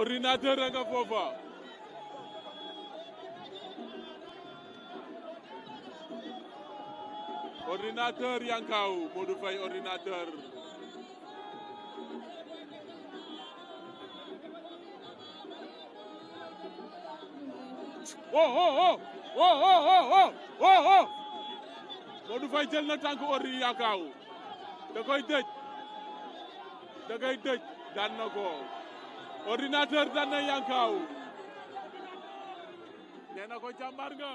ordinateur a nga foofa ordinateur yankaw Modou Faye ordinateur oh oh oh oh oh jël na tànk ordi yankaw da dëj daan na ko ordinateur daan na Yankaw na ko jàmbaar nga